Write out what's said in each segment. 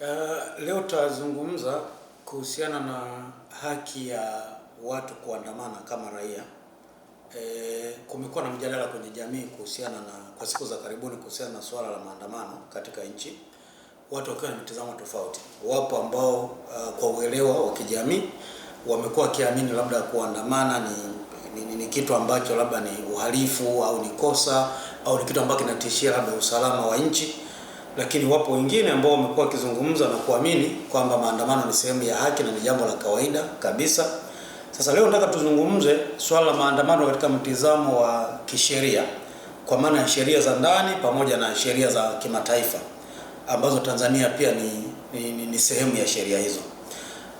Uh, leo tutazungumza kuhusiana na haki ya watu kuandamana kama raia. E, kumekuwa na mjadala kwenye jamii kuhusiana na kwa siku za karibuni kuhusiana na suala la maandamano katika nchi, watu wakiwa na mitazamo tofauti. Wapo ambao uh, kwa uelewa wa kijamii wamekuwa wakiamini labda kuandamana ni, ni, ni, ni kitu ambacho labda ni uhalifu au ni kosa au ni kitu ambacho kinatishia labda usalama wa nchi lakini wapo wengine ambao wamekuwa wakizungumza na kuamini kwamba maandamano ni sehemu ya haki na ni jambo la kawaida kabisa. Sasa leo nataka tuzungumze swala la maandamano katika mtizamo wa kisheria, kwa maana ya sheria za ndani pamoja na sheria za kimataifa ambazo Tanzania pia ni, ni, ni, ni sehemu ya sheria hizo.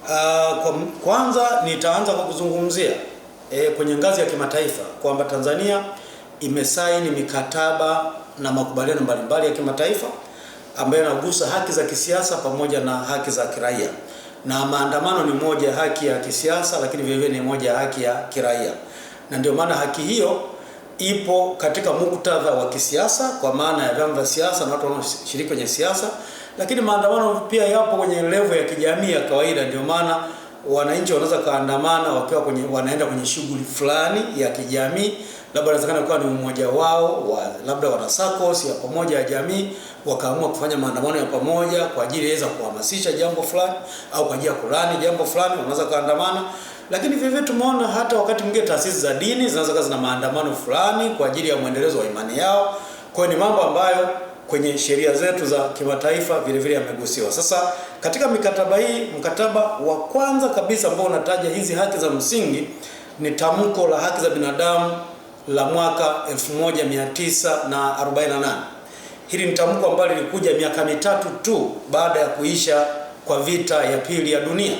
Uh, kwanza nitaanza kwa kuzungumzia e, kwenye ngazi ya kimataifa kwamba Tanzania imesaini mikataba na makubaliano mbalimbali ya kimataifa ambayo inagusa haki za kisiasa pamoja na haki za kiraia, na maandamano ni moja ya haki ya kisiasa, lakini vile ni moja ya haki ya kiraia, na ndio maana haki hiyo ipo katika muktadha wa kisiasa kwa maana ya vyama vya siasa na watu wanaoshiriki kwenye siasa, lakini maandamano pia yapo kwenye levo ya kijamii ya kawaida. Ndio maana wananchi wanaweza kaandamana wakiwa kwenye, wanaenda kwenye shughuli fulani ya kijamii labda inawezekana kuwa ni mmoja wao wa labda wana wanasakos ya pamoja ya jamii wakaamua kufanya maandamano ya pamoja kwa ajili ya kuhamasisha jambo fulani au kwa ajili ya kulani jambo fulani, wanaweza kuandamana. Lakini vivyo tumeona hata wakati mwingine taasisi za dini zinaweza kuwa zina maandamano fulani kwa ajili ya mwendelezo wa imani yao. Kwa hiyo ni mambo ambayo kwenye sheria zetu za kimataifa vile vile yamegusiwa. Sasa katika mikataba hii, mkataba wa kwanza kabisa ambao unataja hizi haki za msingi ni tamko la haki za binadamu la mwaka 1948. Hili ni tamko ambalo lilikuja miaka mitatu tu baada ya kuisha kwa vita ya pili ya dunia,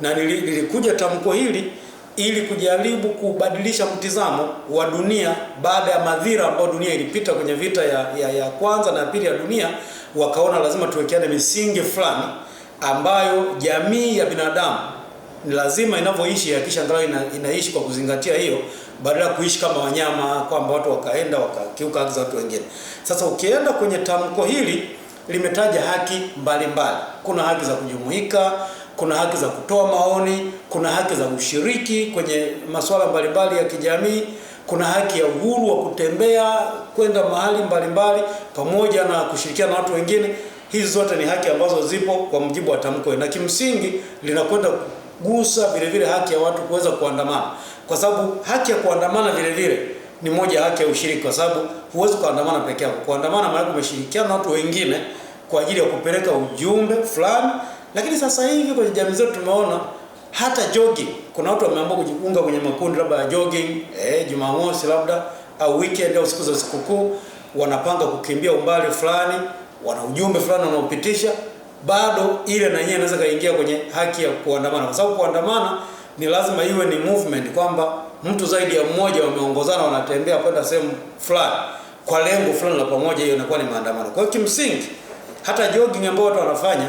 na lilikuja tamko hili ili kujaribu kubadilisha mtizamo wa dunia baada ya madhira ambayo dunia ilipita kwenye vita ya, ya, ya kwanza na ya pili ya dunia. Wakaona lazima tuwekeane misingi fulani ambayo jamii ya binadamu ni lazima inavyoishi hakisha angalau ina, inaishi kwa kuzingatia hiyo badala ya kuishi kama wanyama, kwamba watu wakaenda wakakiuka haki za watu wengine. Sasa ukienda kwenye tamko hili limetaja haki mbalimbali mbali. Kuna haki za kujumuika, kuna haki za kutoa maoni, kuna haki za kushiriki kwenye masuala mbalimbali ya kijamii, kuna haki ya uhuru wa kutembea kwenda mahali mbalimbali mbali, pamoja na kushirikiana na watu wengine. Hizi zote ni haki ambazo zipo kwa mujibu wa tamko, na kimsingi linakwenda gusa vile vile haki ya watu kuweza kuandamana, kwa sababu haki ya kuandamana vile vile ni moja haki ya ushiriki, kwa sababu huwezi kuandamana peke yako. Kuandamana maana umeshirikiana na watu wengine kwa ajili ya kupeleka ujumbe fulani. Lakini sasa hivi kwenye jamii zetu tumeona hata jogging, kuna watu wameamua kujiunga kwenye makundi labda ya jogging eh, Jumamosi labda au weekend au siku za sikukuu, wanapanga kukimbia umbali fulani, wana ujumbe fulani wanaopitisha bado ile na yeye anaweza kaingia kwenye haki ya kuandamana, kwa sababu kuandamana ni lazima iwe ni movement, kwamba mtu zaidi ya mmoja wameongozana wanatembea kwenda sehemu fulani kwa lengo fulani la pamoja, hiyo inakuwa ni maandamano. Kwa hiyo kimsingi hata jogging ambayo watu wanafanya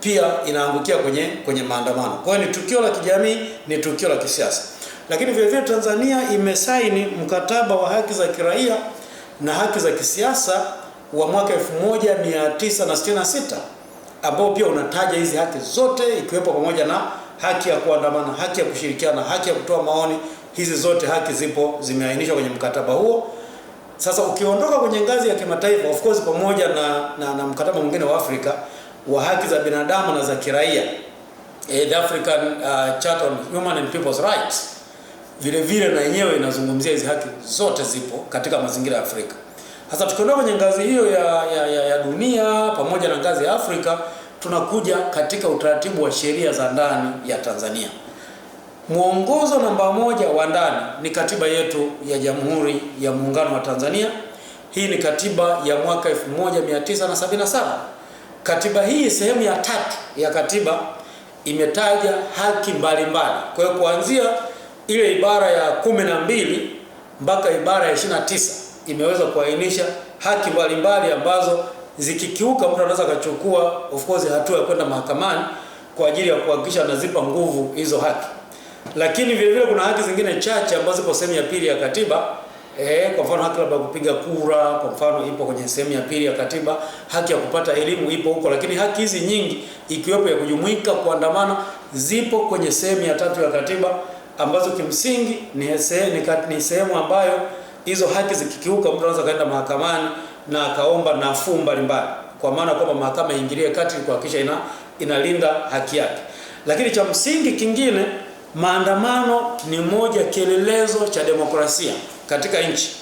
pia inaangukia kwenye kwenye maandamano. Kwa hiyo ni tukio la kijamii, ni tukio la kisiasa. Lakini vile vile Tanzania imesaini mkataba wa haki za kiraia na haki za kisiasa wa mwaka 1966 ambao pia unataja hizi haki zote ikiwepo pamoja na haki ya kuandamana, haki ya kushirikiana, haki ya kutoa maoni. Hizi zote haki zipo, zimeainishwa kwenye mkataba huo. Sasa ukiondoka kwenye ngazi ya kimataifa, of course, pamoja na, na, na mkataba mwingine wa Afrika wa haki za binadamu na za kiraia eh, the African uh, Charter on Human and People's Rights vile vile na yenyewe inazungumzia hizi haki zote zipo katika mazingira ya Afrika. Sasa tukiondoka kwenye ngazi hiyo ya, ya, ya, ya dunia pamoja na ngazi ya Afrika tunakuja katika utaratibu wa sheria za ndani ya Tanzania. Mwongozo namba moja wa ndani ni katiba yetu ya Jamhuri ya Muungano wa Tanzania. Hii ni katiba ya mwaka 1977. Katiba hii sehemu ya tatu ya katiba imetaja haki mbalimbali. Kwa hiyo kuanzia ile ibara ya kumi na mbili mpaka ibara ya 29 imeweza kuainisha haki mbalimbali ambazo zikikiuka, mtu anaweza akachukua of course hatua ya kwenda mahakamani kwa ajili ya kuhakikisha anazipa nguvu hizo haki. Lakini vile vile kuna haki zingine chache ambazo zipo sehemu ya pili ya katiba. Eh, kwa mfano haki labda kupiga kura kwa mfano ipo kwenye sehemu ya pili ya katiba, haki ya kupata elimu ipo huko, lakini haki hizi nyingi ikiwepo ya kujumuika, kuandamana zipo kwenye sehemu ya tatu ya katiba ambazo kimsingi ni sehemu ambayo hizo haki zikikiuka mtu anaweza kaenda mahakamani na akaomba nafuu mbalimbali, kwa maana kwamba mahakama iingilie kati kuhakikisha ina inalinda haki yake. Lakini cha msingi kingine, maandamano ni moja kielelezo cha demokrasia katika nchi.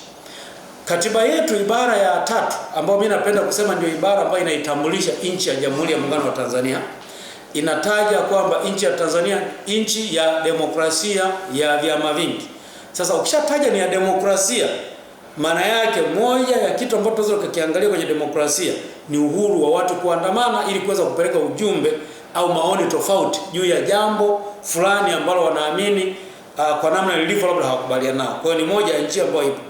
Katiba yetu ibara ya tatu, ambayo mimi napenda kusema ndio ibara ambayo inaitambulisha nchi ya Jamhuri ya Muungano wa Tanzania, inataja kwamba nchi ya Tanzania nchi ya demokrasia ya vyama vingi. Sasa ukishataja ni ya demokrasia maana yake moja ya kitu ambacho tunaweza kukiangalia kwenye demokrasia ni uhuru wa watu kuandamana ili kuweza kupeleka ujumbe au maoni tofauti juu ya jambo fulani ambalo wanaamini uh, kwa namna lilivyo labda hawakubaliana nao. Kwa hiyo ni moja ya nchi ambayo ipo.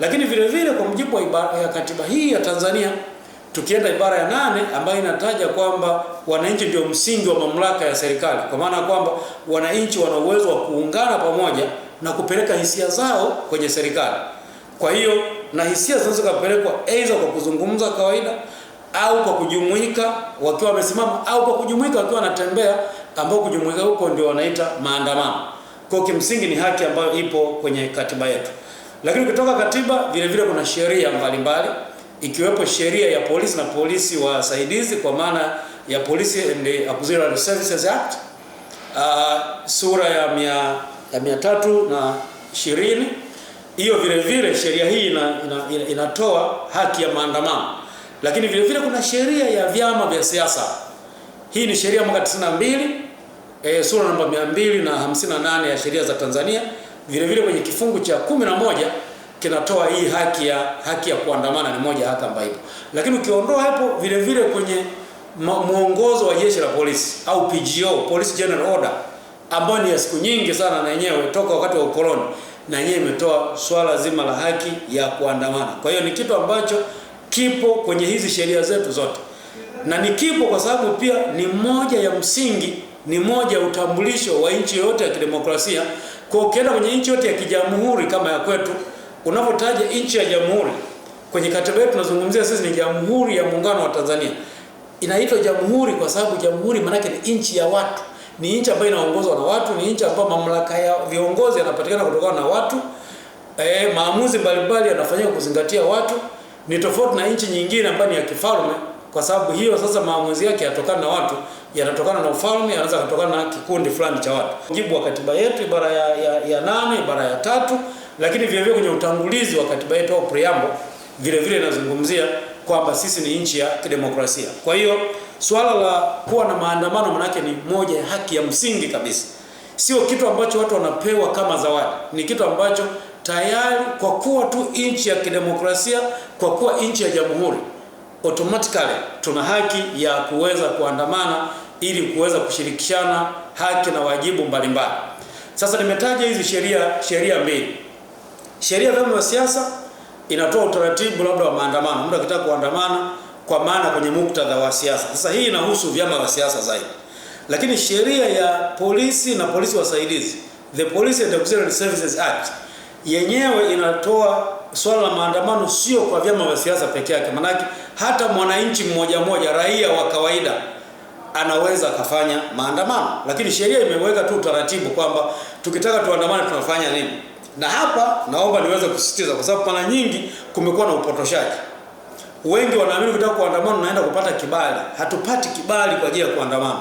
Lakini vile vile kwa mujibu wa ibara ya katiba hii ya Tanzania tukienda ibara ya nane ambayo inataja kwamba wananchi ndio msingi wa mamlaka ya serikali, kwa maana kwamba wananchi wana uwezo wa kuungana pamoja na kupeleka hisia zao kwenye serikali. Kwa hiyo na hisia zinaweza kupelekwa aidha kwa kuzungumza kawaida au kwa kujumuika wakiwa wamesimama au kwa kujumuika wakiwa wanatembea, ambao kujumuika huko ndio wanaita maandamano. Kwa kimsingi ni haki ambayo ipo kwenye katiba yetu, lakini kutoka katiba vile vile kuna sheria mbalimbali ikiwepo sheria ya polisi na polisi wasaidizi kwa maana ya Police and Auxiliary Services Act uh, sura ya mia ya mia tatu na ishirini hiyo vile vile sheria hii ina, ina, ina, inatoa haki ya maandamano, lakini vile vile kuna sheria ya vyama vya siasa. Hii ni sheria mwaka 92 e, sura namba 258 ya sheria za Tanzania. Vile vile kwenye kifungu cha 11 kinatoa hii haki ya haki ya kuandamana, ni moja haki ambayo ipo. Lakini ukiondoa hapo, vile vile kwenye mwongozo wa jeshi la polisi au PGO, Police General Order, ambayo ni ya siku nyingi sana na yenyewe toka wakati wa ukoloni na yeye imetoa swala zima la haki ya kuandamana. Kwa hiyo ni kitu ambacho kipo kwenye hizi sheria zetu zote, na ni kipo kwa sababu pia ni moja ya msingi, ni moja ya utambulisho wa nchi yoyote ya kidemokrasia. Kwa ukienda kwenye nchi yote ya kijamhuri kama ya kwetu, unapotaja nchi ya jamhuri kwenye katiba yetu tunazungumzia sisi ni Jamhuri ya Muungano wa Tanzania. Inaitwa jamhuri kwa sababu jamhuri maanake ni nchi ya watu ni nchi ambayo inaongozwa na watu, ni nchi ambayo mamlaka ya viongozi yanapatikana kutokana na watu. E, maamuzi mbalimbali yanafanyika kuzingatia watu, ni tofauti na nchi nyingine ambayo ni ya kifalme, kwa sababu hiyo sasa maamuzi yake yatokana na watu, yanatokana na ufalme, yanaweza kutokana na kikundi fulani cha watu. Mujibu wa katiba yetu ibara ya, ya, ya nane ibara ya tatu, lakini vile vile kwenye utangulizi wa katiba yetu au preamble vile vile inazungumzia kwamba sisi ni nchi ya kidemokrasia. Kwa hiyo Swala la kuwa na maandamano manake ni moja ya haki ya msingi kabisa, sio kitu ambacho watu wanapewa kama zawadi, ni kitu ambacho tayari kwa kuwa tu nchi ya kidemokrasia, kwa kuwa nchi ya jamhuri, automatically tuna haki ya kuweza kuandamana ili kuweza kushirikishana haki na wajibu mbalimbali. Sasa nimetaja hizi sheria sheria mbili. Sheria ya vyama vya siasa inatoa utaratibu labda wa maandamano, mtu akitaka kuandamana kwa maana kwenye muktadha wa siasa. Sasa hii inahusu vyama vya siasa zaidi, lakini sheria ya polisi na polisi wasaidizi, the Police and Auxiliary Services Act, yenyewe inatoa swala la maandamano sio kwa vyama vya siasa peke yake, maanake hata mwananchi mmoja mmoja, raia wa kawaida anaweza akafanya maandamano, lakini sheria imeweka tu utaratibu kwamba tukitaka tuandamane tunafanya nini. Na hapa naomba niweze kusisitiza, kwa sababu mara nyingi kumekuwa na upotoshaji wengi wanaamini ukitaka kuandamana unaenda kupata kibali. Hatupati kibali kwa ajili ya kuandamana.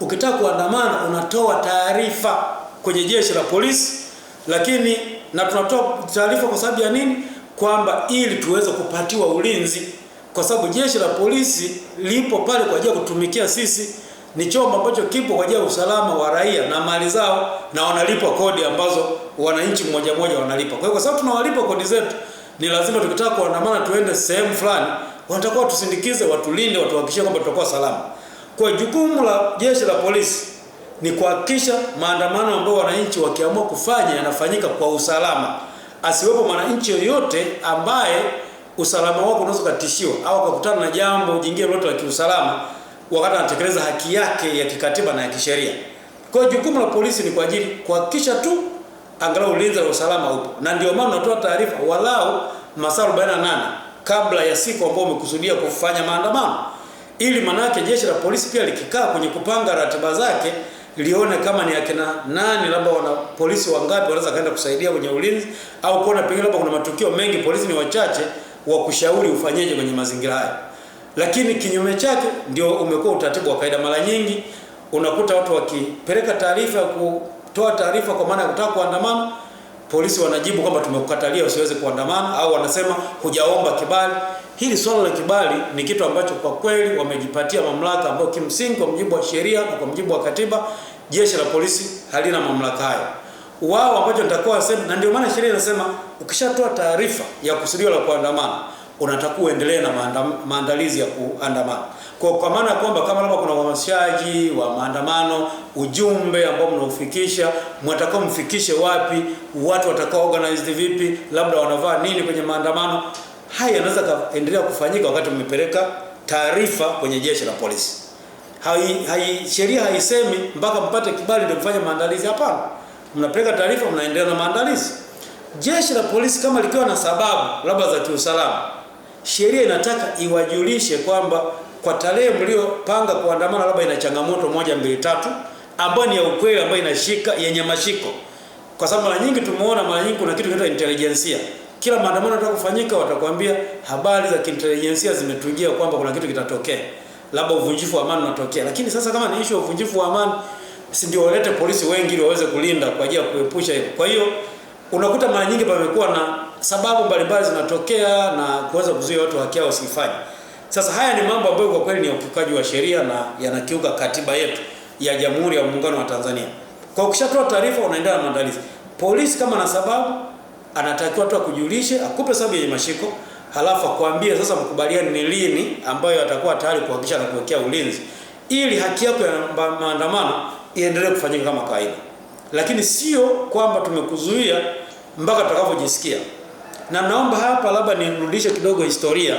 Ukitaka kuandamana unatoa taarifa kwenye jeshi la polisi, lakini na tunatoa taarifa kwa sababu ya nini? Kwamba ili tuweze kupatiwa ulinzi, kwa sababu jeshi la polisi lipo pale kwa ajili ya kutumikia sisi. Ni chombo ambacho kipo kwa ajili ya usalama wa raia na mali zao, na wanalipa kodi ambazo wananchi mmoja mmoja wanalipa. Kwa hiyo kwa sababu tunawalipa kodi zetu ni lazima tukitaka kuandamana tuende sehemu fulani, wanatakuwa tusindikize, watulinde, watuhakikishie kwamba tutakuwa salama. Kwa jukumu la jeshi la polisi ni kuhakikisha maandamano ambayo wananchi wakiamua kufanya yanafanyika kwa usalama, asiwepo mwananchi yoyote ambaye usalama wako unaweza kutishiwa au akakutana na jambo jingine lolote la kiusalama wakati anatekeleza haki yake ya kikatiba na ya kisheria. Kwa jukumu la polisi ni kwa ajili kuhakikisha tu angalau ulinzi na usalama upo, na ndio maana unatoa taarifa walau masaa 48 kabla ya siku ambayo umekusudia kufanya maandamano, ili manake jeshi la polisi pia likikaa kwenye kupanga ratiba zake lione kama ni akina nani, labda wana polisi wangapi wanaweza kaenda kusaidia kwenye ulinzi, au kuona pengine labda kuna matukio mengi polisi ni wachache wa kushauri ufanyeje kwenye mazingira hayo. Lakini kinyume chake ndio umekuwa utaratibu wa kawaida. Mara nyingi unakuta watu wakipeleka taarifa ku toa taarifa kwa maana ya kutaka kuandamana, polisi wanajibu kwamba tumekukatalia usiweze kuandamana, au wanasema hujaomba kibali. Hili swala la kibali ni kitu ambacho kwa kweli wamejipatia mamlaka ambayo kimsingi kwa mjibu wa sheria na kwa mjibu wa katiba jeshi la polisi halina mamlaka hayo. Wao ambacho nitakuwa nasema, na ndio maana sheria inasema ukishatoa taarifa ya kusudio la kuandamana unatakuwa uendelee na maandalizi ya kuandamana. Kwa, kwa maana kwamba kama labda kuna uhamasishaji wa maandamano, ujumbe ambao mnaufikisha, mwatakao mfikishe wapi, watu watakao organized vipi, labda wanavaa nini kwenye maandamano, haya yanaweza kaendelea kufanyika wakati mmepeleka taarifa kwenye jeshi la polisi. Hai, hai sheria haisemi mpaka mpate kibali ndio mfanye maandalizi, hapana. Mnapeleka taarifa, mnaendelea na maandalizi. Jeshi la polisi kama likiwa na sababu labda za kiusalama, sheria inataka iwajulishe kwamba kwa tarehe mliopanga kuandamana, labda ina changamoto moja mbili tatu ambayo ni ya ukweli, ambayo inashika yenye mashiko, kwa sababu mara nyingi tumeona, mara nyingi kuna kitu kinaitwa intelligence. Kila maandamano yanataka kufanyika, watakwambia habari za kiintelijensia zimetujia kwamba kuna kitu kitatokea, labda uvunjifu wa amani unatokea. Lakini sasa kama ni issue ya uvunjifu wa amani, si ndio walete polisi wengi ili waweze kulinda kwa ajili ya kuepusha hiyo? Kwa hiyo unakuta mara nyingi pamekuwa na sababu mbalimbali zinatokea na kuweza kuzuia watu haki yao wasifanye. Sasa haya ni mambo ambayo kwa kweli ni ukiukaji wa sheria na yanakiuka katiba yetu ya Jamhuri ya Muungano wa Tanzania. Kwa ukishatoa taarifa unaendelea na maandalizi. Polisi kama na sababu anatakiwa tu akujulishe, akupe sababu yenye mashiko, halafu akwambie sasa mkubaliane ni lini ambayo atakuwa tayari kuhakikisha na kuwekea ulinzi ili haki yako ya maandamano iendelee kufanyika kama kawaida. Lakini sio kwamba tumekuzuia mpaka tutakavyojisikia. Na naomba hapa labda nirudishe kidogo historia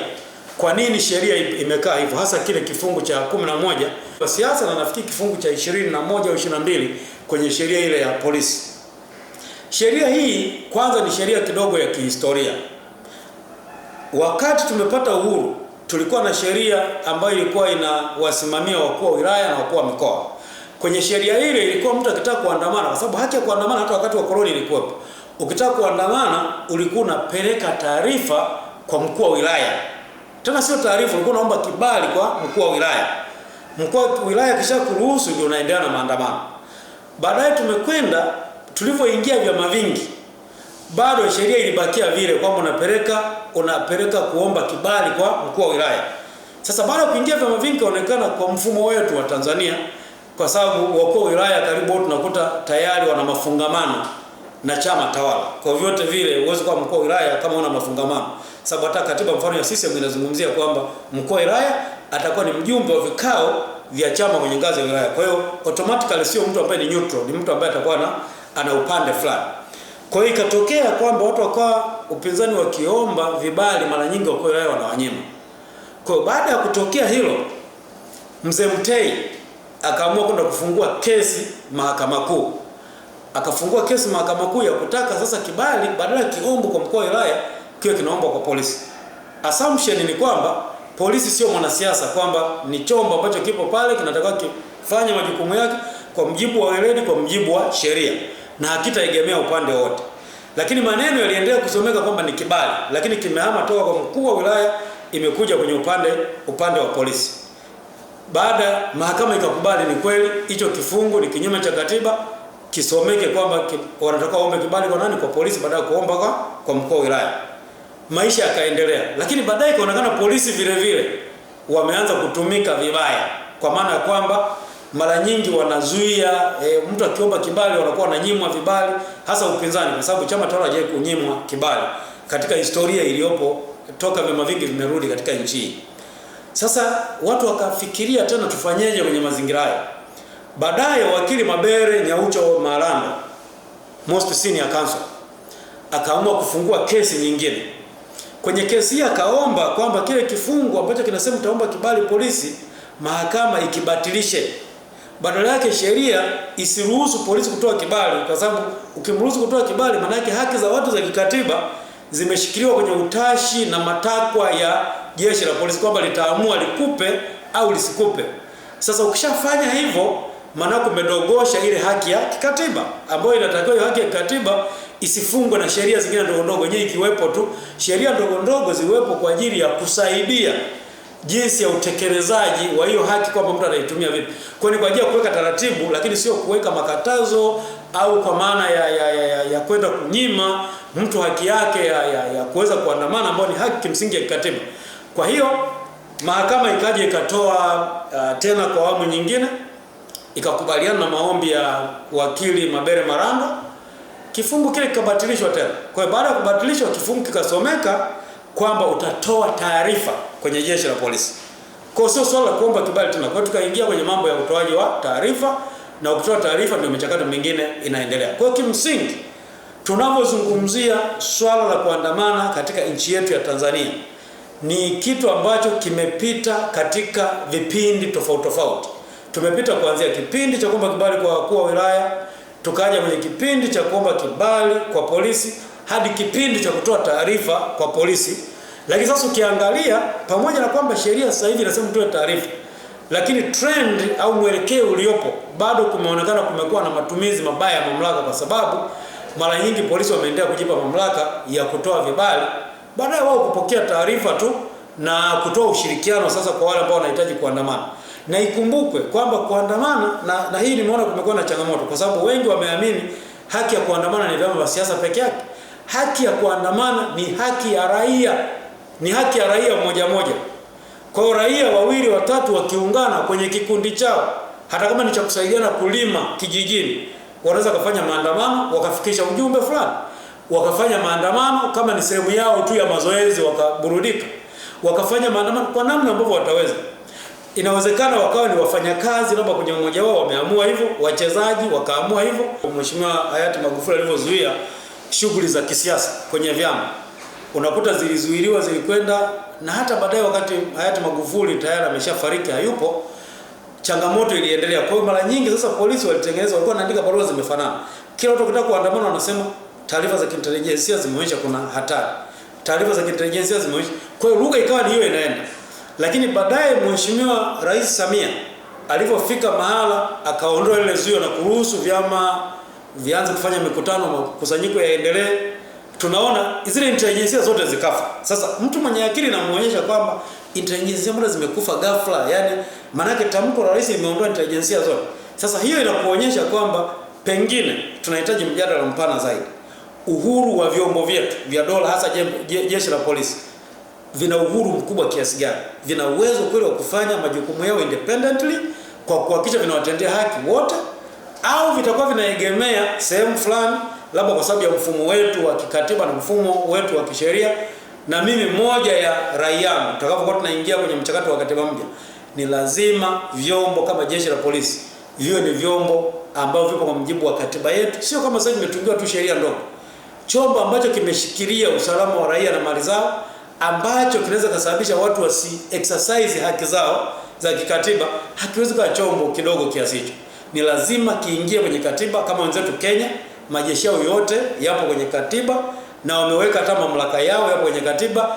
kwa nini sheria imekaa hivyo, hasa kile kifungu cha kumi na moja kwa siasa na nafikiri kifungu cha ishirini na moja au ishirini na mbili kwenye sheria ile ya polisi. Sheria hii kwanza ni sheria kidogo ya kihistoria. Wakati tumepata uhuru, tulikuwa na sheria ambayo ilikuwa inawasimamia wakuu wa wilaya na wakuu wa mikoa. Kwenye sheria ile ilikuwa mtu akitaka kuandamana, kwa sababu haki ya kuandamana hata wakati wa koloni ilikuwepo. Ukitaka kuandamana, ulikuwa unapeleka taarifa kwa mkuu wa wilaya tena sio taarifa, ulikuwa unaomba kibali kwa mkuu wa wilaya. Mkuu wa wilaya kisha kuruhusu ndio unaendelea na maandamano. Baadaye tumekwenda tulivyoingia vyama vingi. Bado sheria ilibakia vile kwamba unapeleka unapeleka kuomba kibali kwa mkuu wa wilaya. Sasa baada ya kuingia vyama vingi kaonekana kwa mfumo wetu wa Tanzania kwa sababu wakuu wa wilaya karibu tunakuta tayari wana mafungamano na chama tawala. Kwa vyote vile uweze kuwa mkuu wa wilaya kama una mafungamano sababu hata katiba mfano ya CCM inazungumzia kwamba mkuu wa wilaya atakuwa ni mjumbe wa vikao vya chama kwenye ngazi ya wilaya. Kwa hiyo automatically sio mtu ambaye ni neutral, ni mtu ambaye atakuwa na ana upande fulani. Kwa hiyo ikatokea kwamba watu wakawa upinzani wakiomba vibali, mara nyingi wakuu wa wilaya wanawanyima. Kwa hiyo baada ya kutokea hilo, mzee Mtei akaamua kwenda kufungua kesi mahakama kuu, akafungua kesi mahakama kuu ya kutaka sasa kibali badala ya kiombo kwa mkuu wa wilaya kiwe kinaombwa kwa polisi. Assumption ni kwamba polisi sio mwanasiasa, kwamba ni chombo ambacho kipo pale kinatakiwa kifanye majukumu yake kwa mjibu wa weledi, kwa mjibu wa sheria na hakitaegemea upande wote. Lakini maneno yaliendelea kusomeka kwamba ni kibali, lakini kimehama toka kwa mkuu wa wilaya imekuja kwenye upande upande wa polisi. Baada mahakama ikakubali, ni kweli hicho kifungu ni kinyume cha katiba, kisomeke kwamba wanataka waombe kibali kwa nani? Kwa polisi, baada ya kuomba kwa, kwa mkuu wa wilaya maisha yakaendelea, lakini baadaye ikaonekana polisi vile vile wameanza kutumika vibaya, kwa maana ya kwamba mara nyingi wanazuia e, mtu akiomba kibali wanakuwa wananyimwa vibali, hasa upinzani, kwa sababu chama tawala hajawahi kunyimwa kibali katika historia iliyopo toka vyama vingi vimerudi katika nchi hii. Sasa watu wakafikiria tena, tufanyeje kwenye mazingira hayo? Baadaye wakili Mabere Nyaucho Maranda, most senior counsel, akaamua kufungua kesi nyingine Kwenye kesi akaomba kwamba kile kifungu ambacho kinasema utaomba kibali polisi, mahakama ikibatilishe. Badala yake sheria isiruhusu polisi kutoa kibali, kwa sababu ukimruhusu kutoa kibali, yake haki za watu za kikatiba zimeshikiliwa kwenye utashi na matakwa ya jeshi la polisi kwamba litaamua likupe au lisikupe. Sasa ukishafanya hivyo, maanake umedogosha ile haki ya kikatiba ambayo inatakiwa, hiyo haki ya kikatiba isifungwe na sheria zingine ndogo ndogo. yenyewe ikiwepo tu sheria ndogo ndogo ziwepo kwa ajili ya kusaidia jinsi ya utekelezaji wa hiyo haki, kwamba mtu anaitumia vipi, ni kwa ajili ya kuweka taratibu, lakini sio kuweka makatazo au kwa maana ya, ya, ya, ya, ya kwenda kunyima mtu haki yake ya, ya, ya kuweza kuandamana ambayo ni haki kimsingi ya kikatiba. Kwa hiyo mahakama ikaja ikatoa uh, tena kwa awamu nyingine ikakubaliana na maombi ya wakili Mabere Marando kifungu kile kikabatilishwa tena. Kwa hiyo baada ya kubatilishwa, kifungu kikasomeka kwamba utatoa taarifa kwenye jeshi la polisi. Kwa hiyo sio swala la kuomba kibali tena. Kwa hiyo tukaingia kwenye mambo ya utoaji wa taarifa, na ukitoa taarifa ndio michakato mingine inaendelea. Kwa hiyo kimsingi, tunapozungumzia swala la kuandamana katika nchi yetu ya Tanzania ni kitu ambacho kimepita katika vipindi tofauti tofauti. Tumepita kuanzia kipindi cha kuomba kibali kwa wakuu wa wilaya tukaja kwenye kipindi cha kuomba kibali kwa polisi hadi kipindi cha kutoa taarifa kwa polisi. Lakini sasa ukiangalia, pamoja na kwamba sheria sasa hivi inasema tutoe taarifa, lakini trend au mwelekeo uliopo bado kumeonekana kumekuwa na matumizi mabaya ya mamlaka, kwa sababu mara nyingi polisi wameendelea kujipa mamlaka ya kutoa vibali, baadaye wao kupokea taarifa tu na kutoa ushirikiano sasa kwa wale ambao wanahitaji kuandamana. Na ikumbukwe kwamba kuandamana na, na hii nimeona kumekuwa na changamoto kwa sababu wengi wameamini haki ya kuandamana ni vyama vya siasa peke yake. Haki ya kuandamana ni haki ya raia, ni haki ya raia mmoja mmoja. Kwa hiyo raia wawili watatu wakiungana kwenye kikundi chao, hata kama ni cha kusaidiana kulima kijijini, wanaweza kufanya maandamano wakafikisha ujumbe fulani, wakafanya maandamano kama ni sehemu yao tu ya mazoezi, wakaburudika, wakafanya maandamano kwa namna ambavyo wataweza inawezekana wakawa ni wafanyakazi, labda kwenye umoja wao wameamua hivyo, wachezaji wakaamua hivyo. Mheshimiwa hayati Magufuli alivyozuia shughuli za kisiasa kwenye vyama, unakuta zilizuiliwa, zilikwenda na hata baadaye, wakati hayati Magufuli tayari ameshafariki, hayupo, changamoto iliendelea. Kwa hiyo mara nyingi sasa polisi walitengeneza, walikuwa wanaandika barua zimefanana, kila mtu wakitaka kuandamana wanasema taarifa za kiintelijensia zimeonyesha kuna hatari, taarifa za kiintelijensia zimeonyesha. Kwa hiyo lugha ikawa ni hiyo inaenda lakini baadaye Mheshimiwa Rais Samia alipofika mahala akaondoa ile zuio na kuruhusu vyama vianze kufanya mikutano, makusanyiko yaendelee, tunaona zile intelligence zote zikafa. Sasa mtu mwenye akili namuonyesha kwamba intelligence mbona zimekufa ghafla, yani maanake tamko la rais limeondoa intelligence zote. Sasa hiyo inakuonyesha kwamba pengine tunahitaji mjadala mpana zaidi, uhuru wa vyombo vyetu vya dola, hasa jeshi la polisi vina uhuru mkubwa kiasi gani, vina uwezo kweli wa kufanya majukumu yao independently kwa kuhakikisha vinawatendea haki wote, au vitakuwa vinaegemea sehemu fulani, labda kwa sababu ya mfumo wetu wa kikatiba na mfumo wetu wa kisheria. Na mimi moja ya rai yangu, tutakapokuwa tunaingia kwenye mchakato wa katiba mpya, ni lazima vyombo kama jeshi la polisi hiyo ni vyombo ambavyo vipo kwa mujibu wa katiba yetu, sio kama sasa imetungiwa tu sheria ndogo, chombo ambacho kimeshikilia usalama wa raia na mali zao ambacho kinaweza kusababisha watu wasi exercise haki zao za kikatiba hakiwezi kuwa chombo kidogo kiasi hicho. Ni lazima kiingie kwenye katiba kama wenzetu Kenya, majeshi yao yote yapo kwenye katiba na wameweka hata mamlaka yao yapo kwenye katiba,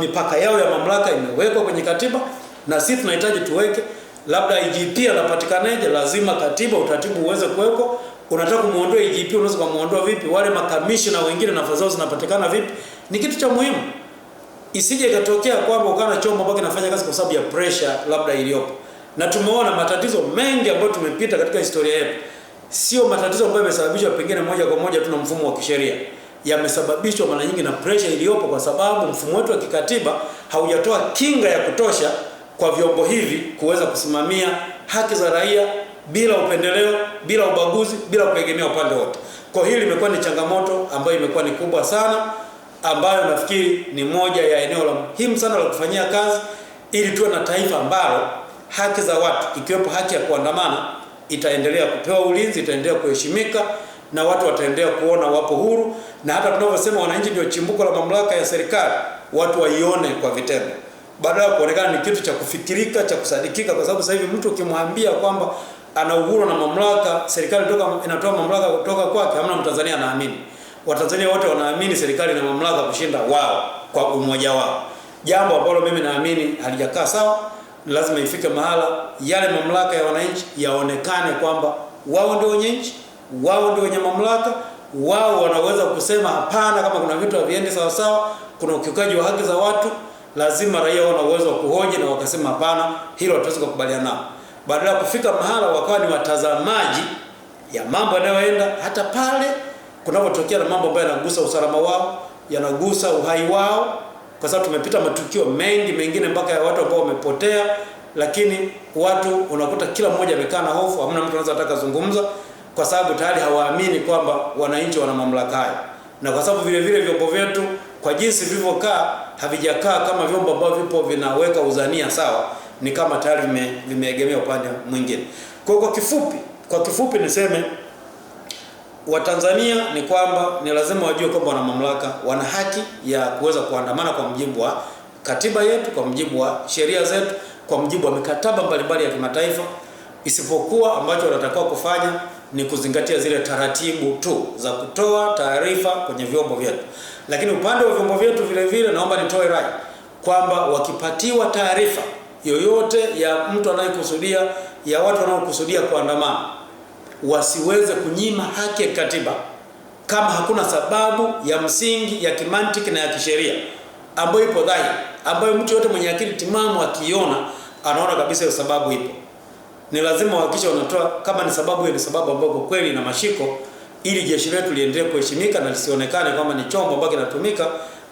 mipaka yao ya mamlaka imewekwa kwenye katiba, na sisi tunahitaji tuweke. Labda IGP anapatikaneje? Lazima katiba, utaratibu uweze kuwekwa. Unataka kumuondoa IGP, unaweza kumuondoa vipi? Wale makamishna wengine nafasi zao zinapatikana vipi? Ni kitu cha muhimu isije ikatokea kwamba ukawa na chombo ambacho kinafanya kazi kwa sababu ya pressure labda iliyopo, na tumeona matatizo mengi ambayo tumepita katika historia yetu, sio matatizo ambayo yamesababishwa pengine moja kwa moja tu na mfumo wa kisheria, yamesababishwa mara nyingi na pressure iliyopo, kwa sababu mfumo wetu wa kikatiba haujatoa kinga ya kutosha kwa vyombo hivi kuweza kusimamia haki za raia bila upendeleo, bila ubaguzi, bila kuegemea upande wote. Kwa hiyo hili limekuwa ni changamoto ambayo imekuwa ni kubwa sana ambayo nafikiri ni moja ya eneo la muhimu sana la kufanyia kazi ili tuwe na taifa ambalo haki za watu ikiwepo haki ya kuandamana itaendelea kupewa ulinzi, itaendelea kuheshimika na watu wataendelea kuona wapo huru, na hata tunavyosema wananchi ndio chimbuko la mamlaka ya serikali, watu waione kwa vitendo, badala ya kuonekana ni kitu cha kufikirika cha kusadikika, kwa sababu sasa hivi mtu ukimwambia kwamba ana uhuru na mamlaka, serikali inatoa mamlaka kutoka kwake, hamna Mtanzania anaamini. Watanzania wote wanaamini serikali na mamlaka kushinda wao kwa umoja wao, jambo ambalo mimi naamini halijakaa sawa. Lazima ifike mahala yale mamlaka ya wananchi yaonekane kwamba wao ndio wenye nchi, wao ndio wenye mamlaka, wao wanaweza kusema hapana kama kuna vitu haviendi sawa sawa, kuna ukiukaji wa haki za watu. Lazima raia wana uwezo wa kuhoji na wakasema hapana, hilo hatuwezi kukubaliana nao, badala ya kufika mahala wakawa ni watazamaji ya mambo yanayoenda hata pale kunapotokea na mambo ambayo yanagusa usalama wao, yanagusa uhai wao, kwa sababu tumepita matukio mengi mengine mpaka ya watu ambao wamepotea, lakini watu unakuta kila mmoja amekaa na hofu, hamna mtu anaweza ataka zungumza, kwa sababu tayari hawaamini kwamba wananchi wana mamlaka hayo, na kwa sababu vile vile vyombo vyetu kwa jinsi vilivyokaa havijakaa kama vyombo ambavyo vipo vinaweka uzania sawa, ni kama tayari vimeegemea upande mwingine. Kwa kwa kifupi, kwa kifupi niseme Watanzania ni kwamba ni lazima wajue kwamba wana mamlaka, wana haki ya kuweza kuandamana kwa mujibu wa katiba yetu, kwa mujibu wa sheria zetu, kwa mujibu wa mikataba mbalimbali ya kimataifa, isipokuwa ambacho wanatakiwa kufanya ni kuzingatia zile taratibu tu za kutoa taarifa kwenye vyombo vyetu. Lakini upande wa vyombo vyetu vile vile, naomba nitoe rai kwamba wakipatiwa taarifa yoyote ya mtu anayekusudia ya watu wanaokusudia kuandamana wasiweze kunyima haki ya katiba kama hakuna sababu ya msingi ya kimantiki na ya kisheria ambayo ipo dhahiri, ambayo mtu yote mwenye akili timamu akiiona anaona kabisa hiyo sababu ipo. Ni lazima wahakikisha wanatoa, kama ni sababu hiyo, ni sababu ambayo kwa kweli na mashiko, ili jeshi letu liendelee kuheshimika na lisionekane kama ni chombo ambacho kinatumika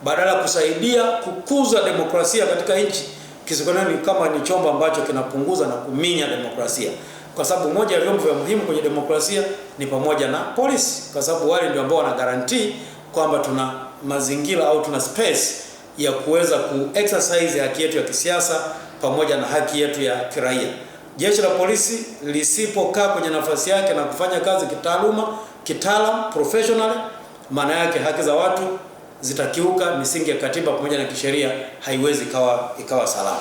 badala ya kusaidia kukuza demokrasia katika nchi, kisionekane kama ni chombo ambacho kinapunguza na kuminya demokrasia kwa sababu moja ya vyombo vya muhimu kwenye demokrasia ni pamoja na polisi, kwa sababu wale ndio ambao wana guarantee kwamba tuna mazingira au tuna space ya kuweza ku exercise haki yetu ya kisiasa pamoja na haki yetu ya kiraia. Jeshi la polisi lisipokaa kwenye nafasi yake na kufanya kazi kitaaluma, kitaalam, professional, maana yake haki za watu zitakiuka, misingi ya katiba pamoja na kisheria haiwezi ikawa ikawa salama.